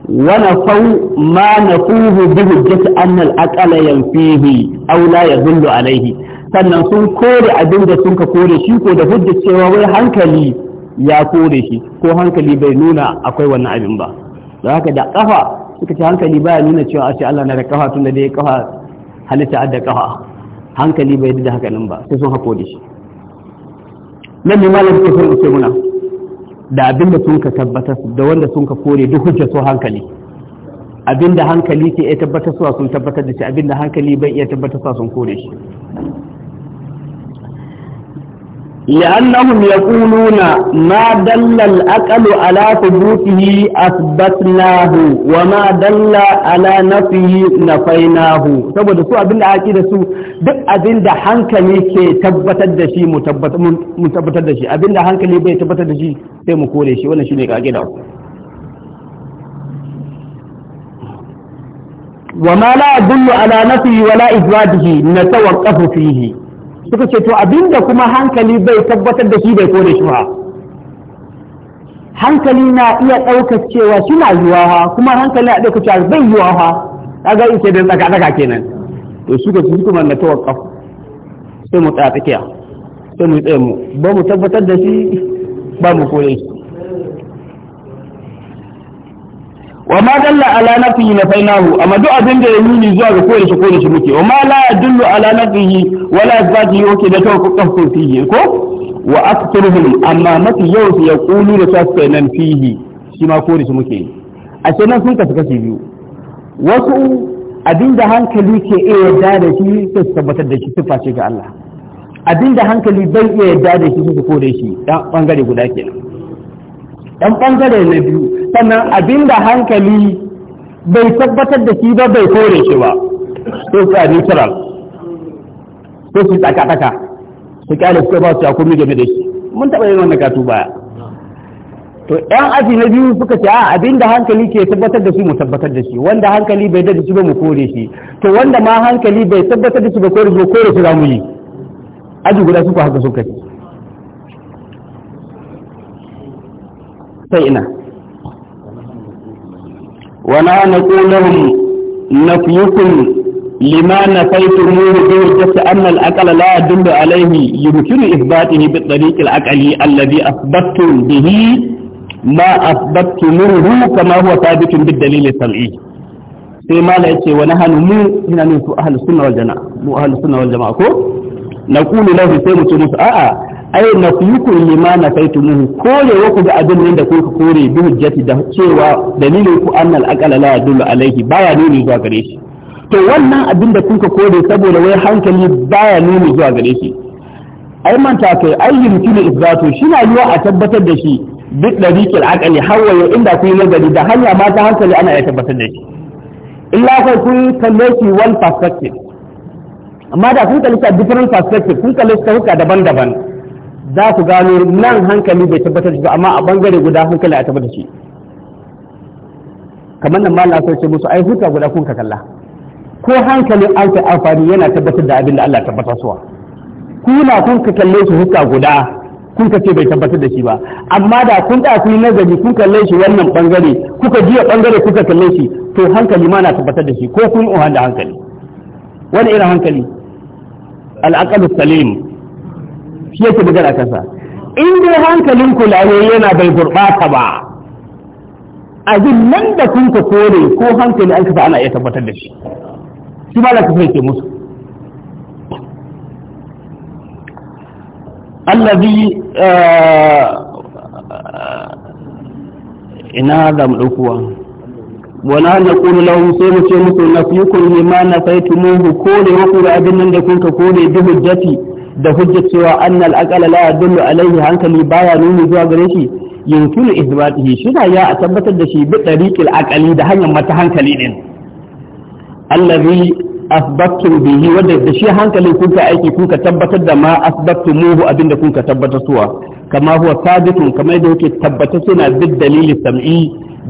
ونفوا ما نفوه بهجة أن الأقل ينفيه أو لا يدل عليه sannan sun kore abin da sun ka kore shi ko da hujjar cewa wai hankali ya kore shi ko hankali bai nuna akwai wannan abin ba da haka da kafa suka ce hankali baya nuna cewa ashe Allah na da kafa tunda da ya kafa halitta da kafa hankali bai da haka nan ba sai sun hako da shi nan ne malam ke son ce muna da abin da sun ka tabbatar da wanda sun ka kore duk hujja su hankali abin da hankali ke iya tabbatar sun tabbatar da shi abin da hankali bai iya tabbatar sun kore shi لأنهم يقولون ما دل الأقل على ثبوته أثبتناه وما دل على نفيه نفيناه saboda su abin da ake da su duk abin da hankali ke tabbatar da shi mu tabbatar da shi abin da hankali bai tabbatar da shi sai mu kore shi wannan shine kage da wa ma la yadullu ala nafihi wala isbatihi natawaqqafu fihi suka ce to abinda kuma hankali bai tabbatar da shi bai kore shi ba hankali na iya ɗaukar cewa suna yiwa kuma hankali na ɗaukar cewa bai yiwa ha kaga ita da tsaka tsaka kenan to suka ci kuma na tawakkaf sai mu tsaya tsakiya sai mu tsaya mu ba mu tabbatar da shi ba mu kore shi wa ma dalla ala nafihi na fainahu amma duk abin da ya nuni zuwa ga koyar shi koyar shi muke wa ma la yadullu ala nafihi wala isbatihi yake da tawakkuf kafin fihi ko wa aktharuhum amma mafi yau su yaqulu da ta nan fihi shi ma koyar shi muke a ce nan sun kasu kashi biyu wasu abin da hankali ke iya yarda da shi sai su tabbatar da shi sifa ce ga Allah abin da hankali bai iya yarda da shi su da shi dan bangare guda kenan ɗan ɓangare na biyu sannan da hankali bai tabbatar da shi ba bai kore shi ba so su a neutral so su tsaka-tsaka su kyale su ba su komi game da shi mun taɓa yin wannan katu baya to yan aji na biyu suka ce a abin da hankali ke tabbatar da shi mu tabbatar da shi wanda hankali bai da shi ba mu kore shi to wanda ma hankali bai tabbatar da shi ba kore shi ba kore shi za mu yi aji guda suka haka suka ce sai ina wana na kulahum nafyukum lima nafaitumuhu bi hujjati anna al-aqla la yadullu alayhi yumkinu ithbatihi bi tariq al-aqli alladhi bihi ma athbattumuhu kama huwa thabitun bid dalil al sai mala yace wa nahanu mu ina ne su ahlus wal jamaa mu ahlus wal jamaa ko naqulu lahu sai mutum a'a ai na ku lima na kai tumuhu kore wa ku ga abin nan da kuka kore bi hujjati da cewa dalilin ku annal aqala la yadullu alaihi baya nuni zuwa gare shi to wannan abin da kuka kore saboda wai hankali baya nuni zuwa gare shi ai manta kai ai yumkinu isbatu shi na yiwa a tabbatar da shi bi dariqil aqali hawaye inda ku yi nazari da hanya ma ta hankali ana ya tabbatar da shi illa kai kun kalle shi one perspective amma da kun kalle shi different perspective kun kalle shi ta huka daban-daban za ku gano nan hankali bai tabbatar shi ba amma a bangare guda hankali a tabbatar shi kamar nan mallam sai ce musu ai huta guda kun ka kalla ko hankalin an ta amfani yana tabbatar da abin da Allah tabbatar suwa kuna kun ka kalle su huta guda kun ka ce bai tabbatar da shi ba amma da kun da kun nazari kun kalle shi wannan bangare kuka jiya bangare kuka kalle shi to hankali ma na tabbatar da shi ko kun uhan da hankali wani irin hankali al aqal salim shi yake bugar a kasa in dai hankalin kulaye yana bai gurɓata ba abin nan da kun ka kore ko hankali an kasa ana iya tabbatar da shi shi ba za ka ke musu allazi eh, ina da mu ɗaukuwa wana na kuma lahu sai mu ce musu na fi kun ma na sai tumuhu kore wa kura abin nan da kun ka kore bi hujjati da hujja cewa annal aqala la yadullu alaihi hankali baya nuni zuwa gare shi yumkinu ithbatihi shi ya a tabbatar da shi bi tariqil aqali da hanyar mata hankali din allazi asbattum bihi wanda da shi hankali kun ka aiki kuka tabbatar da ma asbattumuhu abinda kun ka tabbatar suwa kama huwa sabitun kamar da yake tabbata suna bi dalili sam'i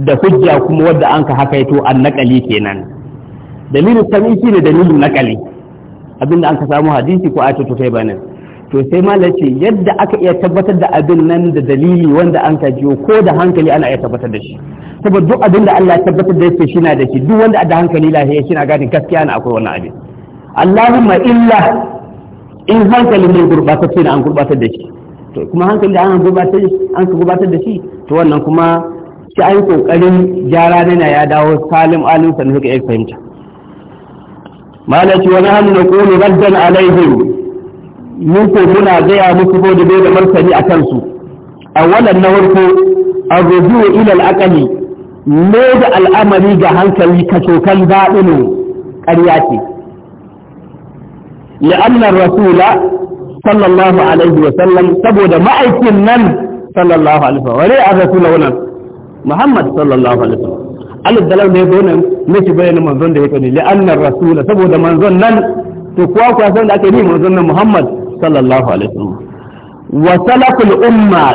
da hujja kuma wadda an ka hakaito a nakali kenan dalilin sam'i shine dalilin nakali da an ka samu hadisi ko ayatu to kai bayanin to sai malam ce yadda aka iya tabbatar da abin nan da dalili wanda an ka jiyo ko da hankali ana iya tabbatar da shi saboda duk abin da Allah ya tabbatar da yake shi na da shi duk wanda da hankali lahiya shi na gadin gaskiya na akwai wannan abin Allahumma illa in hankali mai gurbatacce na an gurbatar da shi to kuma hankali da an gurbatar an gurbatar da shi to wannan kuma sai an kokarin gyara na ya dawo salim alim sanin suka fahimta malaki wani hannu na kone raddan alaihim mu ko muna gaya musu ko da bai da martani a kansu a awalan na farko arruju ila ilal aqli me da al'amari ga hankali kacokan daɗinu ƙarya ce la'annar rasula sallallahu alaihi wa sallam saboda ma'aikin nan sallallahu alaihi wa sallam wani a rasula wannan muhammad sallallahu alaihi wa sallam alif dalar ne zo nan nake bayyana manzon da ya kani li annar rasula saboda manzon nan to kuwa kuwa san da ake ni manzon nan Muhammad sallallahu alaihi wasallam wa salaful umma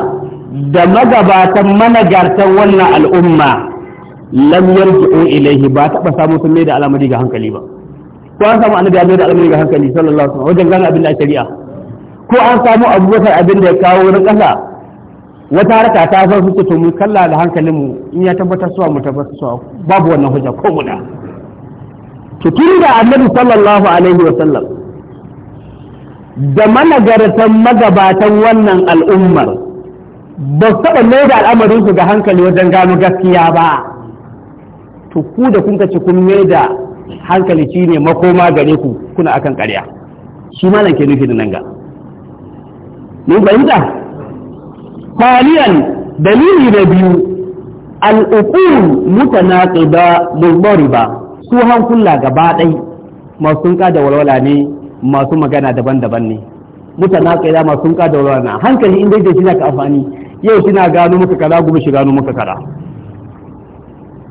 da magabatan managartan wannan al'umma lam yarji'u ilaihi ba taba samu sun mai da alamari ga hankali ba ko an samu annabi mai da alamari ga hankali sallallahu alaihi wasallam wajen gane abin da shari'a ko an samu abubakar abin da ya kawo na kasa wata raka ta san su to mu kalla da hankalin mu in ya tabbatar suwa mu tabbatar suwa babu wannan hujja ko guda to tun da annabi sallallahu alaihi wa sallam da managartan magabatan wannan al'ummar ba su taɓa mai da al'amarin su ga hankali wajen gano gaskiya ba to ku da kun kace kun mai da hankali shine makoma gare ku kuna akan ƙarya shi malam ke nufi da nan ga mun fahimta ثانيا دليل نبيو al'ukun mutanatsi ba mulmori ba su hankula gaba ɗai masu sunka walwala ne masu magana daban-daban ne mutanatsi da masu sunka walwala na hankali inda yake shi ka amfani yau kina gano muka kaza gobe shi gano muka kaza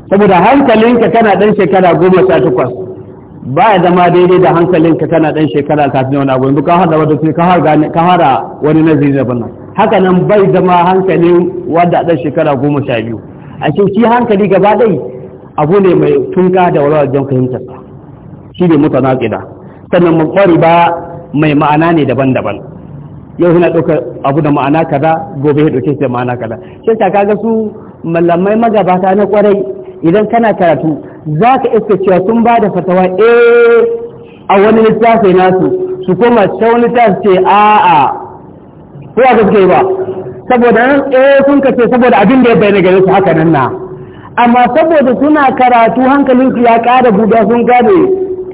saboda hankalinka kana ɗan shekara goma sha takwas ba ya zama daidai da hankalinka kana dan shekara kafin wani abu yanzu ka hada wata ka hada wani nazari da bannan haka nan bai zama hankalin wanda dan shekara goma sha biyu a ce shi hankali gaba dai abu ne mai tunka da walawar jan fahimtar shi ne mutana tsida sannan mu kwari ba mai ma'ana ne daban-daban yau yana ɗauka abu da ma'ana kaza gobe ya ɗauke shi da ma'ana kaza shi ta kaga su malamai magabata na kwarai idan kana karatu za ka iska cewa sun ba da fatawa eh a wani littafi nasu su koma ta wani littafi ce a'a ko a gaske ba saboda nan eh sun ka ce saboda abin da ya bayyana gare su haka nan na amma saboda suna karatu hankalin su ya ƙara buga sun gane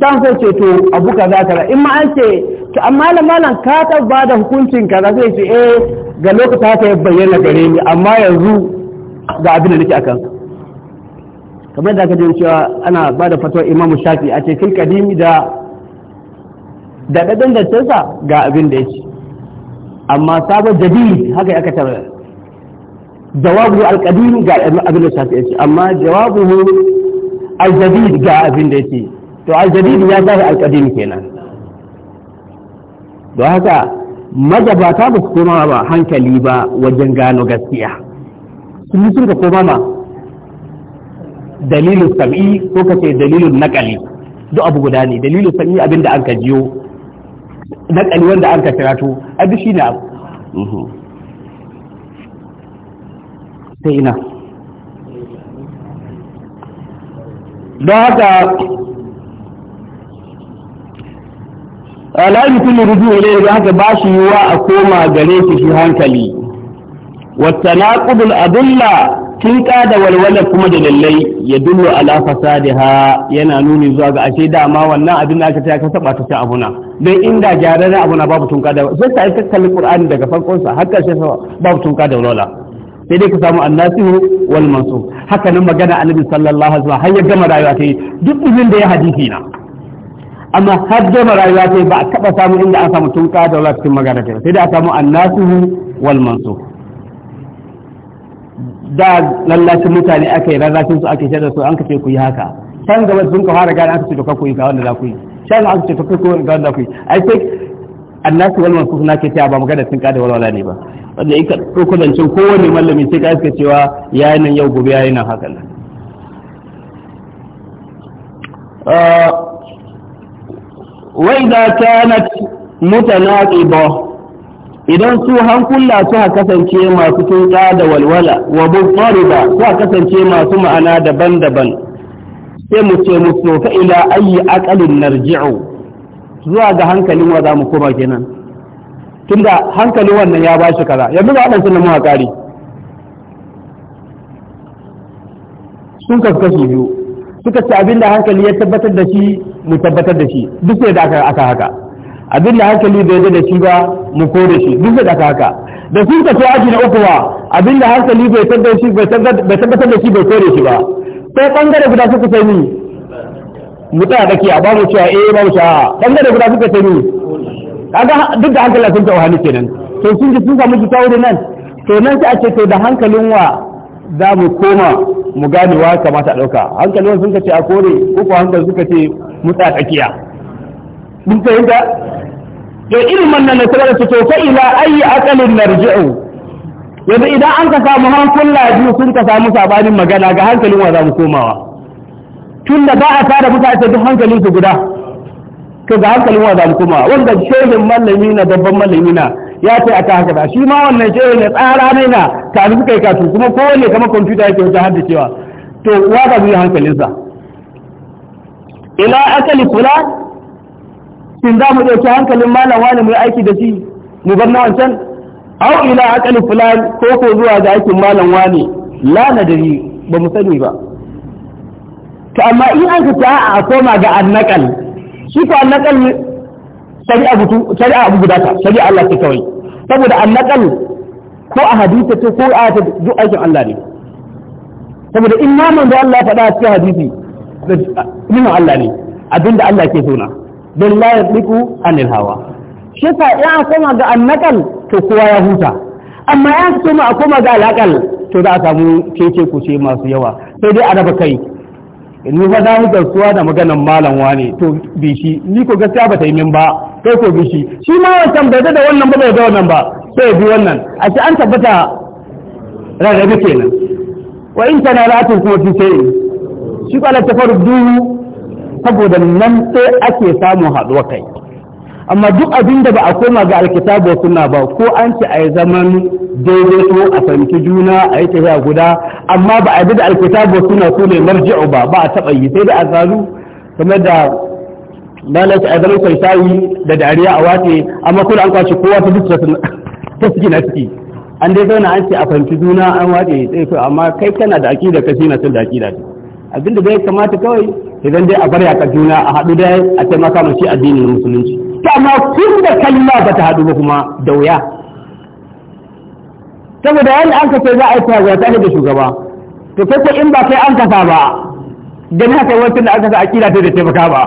san sai ce to abu za ka in ma an ce to amma malam ka ta ba da hukuncin ka zai ce eh ga lokacin haka ya bayyana gare ni amma yanzu ga abin da nake akan kamar da aka jin cewa ana ba da fatawar imam shafi a ce fil kadimi da da dadan da tsansa ga abin da ya yake amma sabon jadid haka aka tara jawabu al ga abin da shafi yake amma jawabu al-jadid ga abin da ya yake to al ya zai al kenan don haka magabata ba su koma ba hankali ba wajen gano gaskiya sun yi sun ka koma ba Dalilin sam'i ko ka ce dalilin nakali duk abu guda ne dalilin sam'i abin da an ka jiyo nakali wanda an ka kirato abu shi shine abu sai ina don haka la kuma rubu ne da haka ba shi yiwa a koma gare shi shi hankali wata tanaqudul adulla tinka da walwala kuma da lallai ya dullo ala fasadiha yana nuni zuwa ga ashe dama wannan abin da aka ce aka saba ta ci abuna dan inda jarara abuna babu tunka da sai ka aika kallon qur'ani daga farkon sa har karshe sa babu tunka da walwala sai dai ka samu annasihu wal mansukh haka nan magana annabi sallallahu alaihi wasallam har ya gama rayuwa ta duk ibin da ya hadisi na amma har gama rayuwa ta ba a taba samu inda an samu tunka da walwala cikin magana ta sai dai a samu annasihu wal mansukh da lallacin mutane aka yi rarrashin su ake shaida su an ce ku yi haka can gaba sun ka fara gane aka ce ka ku yi ga wanda za ku yi can aka ce ka ku yi ga wanda ku yi ai sai annasu wal mansuf na ke cewa ba magana sun kada walwala ne ba wanda in ka kowane mallami sai ka iska cewa yayin nan yau gobe yayin nan haka nan وإذا كانت متناقضة idan su hankula suka kasance masu tunka da walwala wa mutarida suka kasance masu ma'ana daban-daban sai mu ce musu fa ila ayi aqalin narji'u zuwa ga hankalin wa za mu koma kenan tunda hankalin wannan ya bashi kaza yanzu ba dan sunan mu hakari sun kaskashi biyu suka ce abinda hankali ya tabbatar da shi mu tabbatar da shi duk sai da aka aka haka abin da hankali bai da shi ba mu kore shi duk da haka da sun so aji na uku ba abin da hankali bai tabbatar shi bai tabbatar da shi bai kore shi ba sai bangare guda suka sani mu tsaya dake a babu cewa eh babu sha. Ah. bangare guda suka sani kaga duk da hankali sun tawo hannu kenan to sun ji sun samu kitabu da nan to nan sai a ce to da hankalin wa za mu koma mu gane wa kamata a dauka hankalin sun ka ce a kore uku hankali suka ce mu tsaya tsakiya mun fahimta to irin wannan na tsara su to fa ila ayi aqalin narji'u yanzu idan an ka samu hankula biyu sun ka samu sabanin magana ga hankalin wa za mu komawa tun da ba a tara mutane duk hankalin su guda to ga hankalin wa za mu komawa wanda shehin mallami na babban mallami na ya ce a ta haka da shi ma wannan shehin ya tsara mai na fi suka yi katu kuma wani kamar kwamfuta yake wajen hadda cewa to wa ga biyu yi hankalinsa ila akali kula in za mu ɗauki hankalin malam wani mu yi aiki da shi mu bar na wancan au ila akali fulan ko ko zuwa ga aikin malam wani la nadari ba mu sani ba to amma in an fita a koma ga annakal shi ko annakal shari'a abu shari'a abu guda ta shari'a Allah ta kawai saboda annakal ko a hadisi ta ko a ta duk aikin Allah ne saboda in ma manzo Allah ya a cikin hadisi nuna Allah ne abinda Allah ke so na don la yadliku anil hawa shi sa ya koma ga annakal to kowa ya huta amma ya koma a koma ga alakal to za a samu kece kuce masu yawa sai dai a raba kai ni ba na mu da maganan malam wane to bi shi ni ko gaskiya ba ta yi min ba kai ko bi shi shi ma wancan bai da wannan ba bai da wannan ba sai bi wannan a ce an tabbata rarrabe kenan wa in tana latin kuma fi sai shi ko ala duhu. saboda nan sai ake samun haɗuwa kai amma duk abin da ba a koma ga alkitabu suna ba ko an ce a yi zaman daidaito a fahimci juna a yi tafiya guda amma ba a bi da alkitabu suna su ne marji'u ba ba a taɓa yi sai da a zalu kamar da lalace a zaman kwaitayi da dariya a wace amma kuma an kwace kowa ta duk ta suke na ciki an dai zauna an ce a fahimci juna an wace amma kai kana da aƙida ka shi na sun da aƙida ce abinda zai kamata kawai idan dai a bar yaƙa juna a haɗu dai a taimaka ma shi addinin musulunci ta amma kun da kalma ba ta haɗu ba kuma da wuya saboda wani an kace za a yi tawata da shugaba to kai in ba kai an kasa ba dan haka wancan da aka sa akida ta da taimaka ba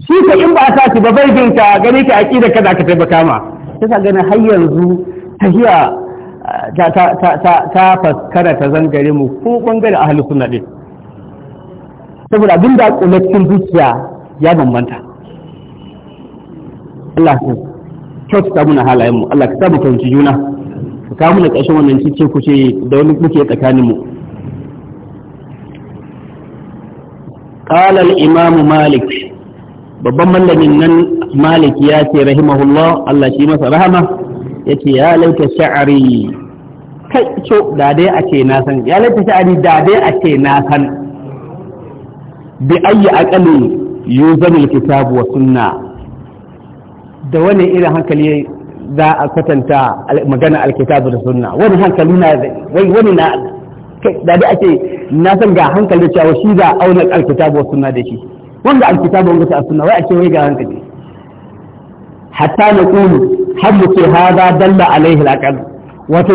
shi ko in ba a sa shi ba bai jin ka gani ka akida ka za ka taimaka ma sai gani har yanzu hiya ta ta ta ta faskara ta zangare mu ko bangare ahlus sunna din saboda abin da kula cikin zuciya ya bambanta Allah ya ta muna halayen Allah ka juna ka kawo muna ƙarshen wannan cice da wani muke tsakanin mu قال الإمام babban mallamin nan malik ya ce rahimahullah Allah shi masa rahama ya ce ya laita sha'ari kai co da a ce da a ce bi ayi aqalin yuzan alkitab wa sunna da wani irin hankali za a kwatanta magana alkitabu da sunna wani hankali na da da ake na san ga hankali cewa shi da auna alkitabu wa sunna da shi wanda alkitabu wanda ta sunna wai ake wai ga hankali hatta na kulu har mu ce hada dalla alaihi alaqal wato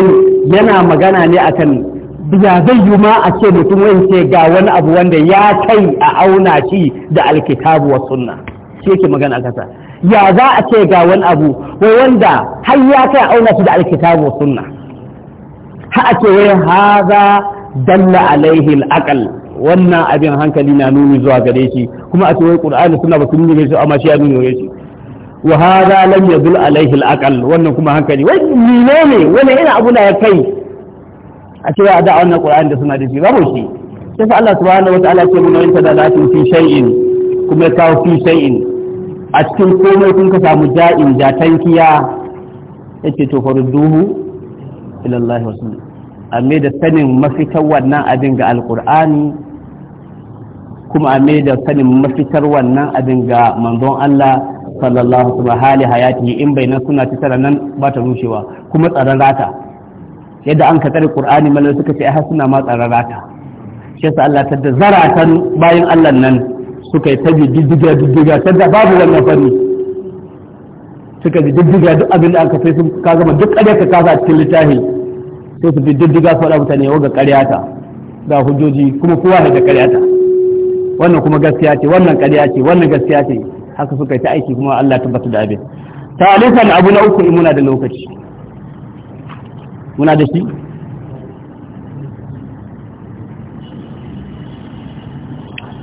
yana magana ne akan ya zai yi ma a ce mutum wani ce ga wani abu wanda ya kai a auna shi da alkitabu wa sunna shi yake magana a kasa ya za a ce ga wani abu wai wanda har ya kai a auna shi da alkitabu wa sunna ha a ce wai za, dalla alaihi alaqal wannan abin hankali na nuni zuwa gare shi kuma a ce wai qur'ani sunna ba sun nuna shi amma shi ya nuna gare shi wa za lam yadul alaihi alaqal wannan kuma hankali wai menene wani irin abu na ya kai a cewa a da'a wannan qur'ani da suna da shi babu shi sai Allah subhanahu wataala ce mun yin tadalatin fi shay'in kuma ya kawo fi shay'in a cikin komai kun ka samu ja'in tankiya yace to farudduhu ila Allah wa sunna amma da sanin mafitar wannan abin ga alqur'ani kuma amma da sanin mafitar wannan abin ga manzon Allah sallallahu alaihi wa alihi hayati in bai nan suna tattara nan ba ta rushewa kuma tsaran rata yadda an ka tsare ƙur'ani malar suka ce ai suna matsa rarata, shi yasa Allah ta da zaratan bayan Allah nan suka yi ta diddiga diddiga Tadda babu wannan fari suka ji diddiga duk abin da aka sai sun ka gama duk ƙarya ka kasa cikin littafi sai su bi diddiga su faɗa mutane yau ga ƙarya ta ga hujjoji kuma kowa da ƙarya ta wannan kuma gaskiya ce wannan ƙarya ce wannan gaskiya ce haka suka yi ta aiki kuma Allah tabbata da abin ta talisan abu na uku imuna muna da lokaci muna da shi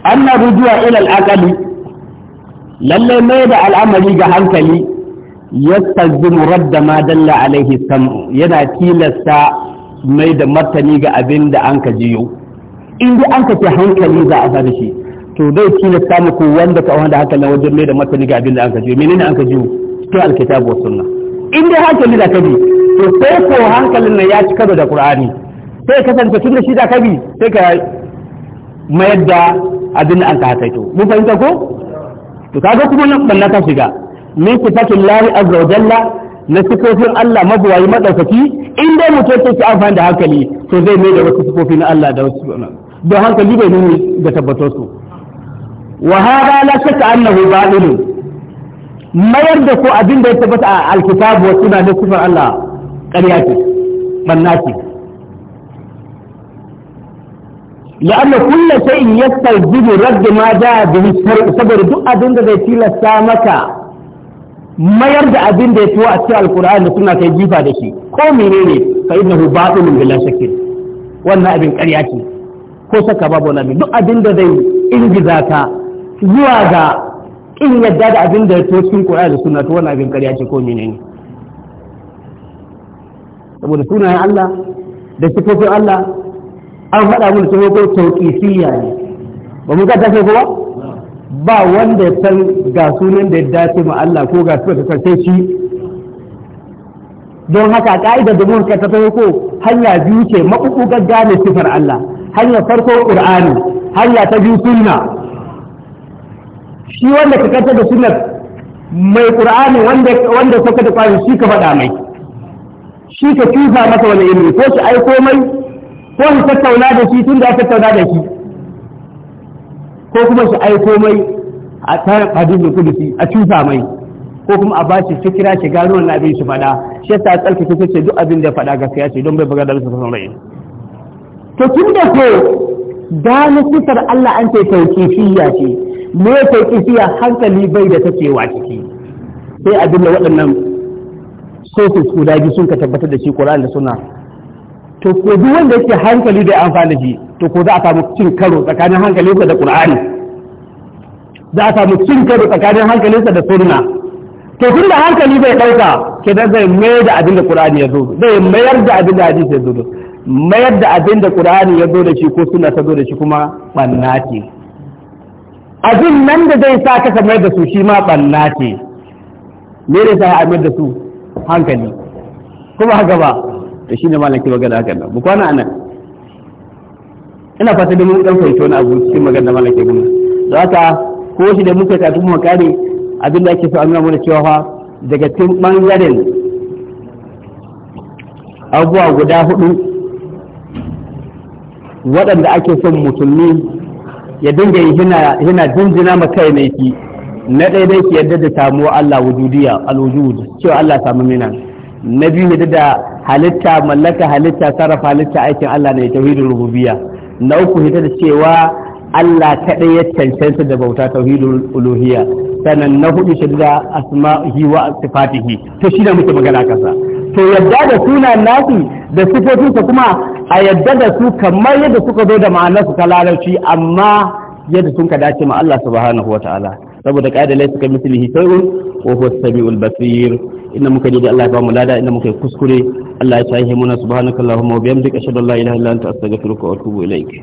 anna rujuwa ila al'aqali lalle mai da al'amari ga hankali yastazimu radda ma dalla alaihi sam'u yana tilasta mai da martani ga abin da an ka jiyo in dai an ka ce hankali za a fara shi to dai tilasta muku wanda ka wanda haka na wajen mai da martani ga abin da an ka jiyo menene an ka jiyo to alkitabu wa sunna in dai hankali da ka ji to sai ko hankalin nan ya ci karo da qur'ani sai kasance tun da shi da kabi sai ka mayar da abin da an ka haƙaito mun fahimta ko to kaga kuma nan banna ta shiga min sifatin lahi azza wa jalla na sifofin Allah mabuwayi madaukaki in dai mutum yake amfani da hankali to zai mai da wasu sifofi na Allah da wasu don hankali bai nuni ga tabbatar su wa hada la shakka annahu batilun mayar da ko abin da ya tabbata a alkitabu wa sunna da sifar Allah ƙarya ce banna ce la'anna kullu shay'in yastalzimu radd ma jaa bihi shar'u saboda duk abin da zai tilasta maka mayar da abin da ya tuwa a cikin alkur'ani da suna kai jifa da shi ko menene fa innahu batilun bil shakkin wannan abin ƙarya ce ko saka babu wani abin duk abin da zai ingiza ka zuwa ga in yadda da abin da ya tuwa cikin qur'ani da suna to wannan abin ƙarya ce ko menene saboda sunayen Allah da sifofin Allah an faɗa mun su sauƙi tauƙifiyya ne ba mu gata tafi kuma ba wanda san ga sunan da ya dace ma Allah ko ga sifar ta sai shi don haka ka'ida da mun ka tafi ko hanya biyu ce maɓuɓɓu gaggane sifar Allah hanya farko Qur'ani hanya ta biyu sunna shi wanda ka kanta da sunnar mai Qur'ani wanda wanda saka da kwari shi ka faɗa mai shi ka tufa masa wani ilimi ko shi ai komai, ko shi tattauna da shi tun da tattauna da shi ko kuma shi ai komai, a tsarin da kudi a tufa mai ko kuma a ba shi fikira shi gano wannan abin shi faɗa shi yasa a tsarkake ta ce duk abin da faɗa gaskiya ce don bai buga da su san rai to tun da ko gano sifar Allah an ce tauqifiyya ce me fiya hankali bai da wa ciki sai abin da waɗannan sources guda biyu sun ka tabbatar da shi Qur'ani da suna to ko duk wanda yake hankali da amfani da shi to ko za a samu cin karo tsakanin hankalinsa da Qur'ani za a samu cin karo tsakanin hankalinsa da Sunna to tun da hankali bai dauka da zai mayar da abin da Qur'ani ya zo zai mayar da abin da hadisi ya zo mayar da abin da Qur'ani ya zo da shi ko Sunna ta zo da shi kuma banna ce abin nan da zai sa ka mayar da su shi ma banna ce me ne sa a mayar da su hankali kuma haka ba da shi ne malaki magana hakan nan bukwana a anan ina fata domin mun dan fahimci wani abu cikin magana malaki kuma da haka ko shi da muka kafin mu kare abin da ake so an nuna cewa fa daga cikin bangaren abubuwa guda hudu waɗanda ake son musulmi ya dinga yi hina jinjina ma kai ne na ɗaya dai ki yadda da samuwa Allah wujudiya al-wujud cewa Allah samu mina na biyu yadda da halitta mallaka halitta sarrafa halitta aikin Allah ne tauhidul rububiyya na uku yadda da cewa Allah kadai ya cancanta da bauta tauhidul uluhiyya sannan na hudu shi da asma'i wa sifatihi to shi da muke magana kasa to yadda da sunan nasu da su kuma a yadda da su kamar yadda suka zo da ma'anarsu ta larabci amma yadda sun ka dace ma Allah subhanahu wa ta'ala saboda ƙa'ida laysa ka mislihi shay'un wa huwa as-sami'ul basir inna muka ji Allah ya ba mu lada inna muka kuskure Allah ya tahi muna subhanakallahumma wa bihamdika ashhadu an la ilaha illa anta astaghfiruka wa atubu ilaik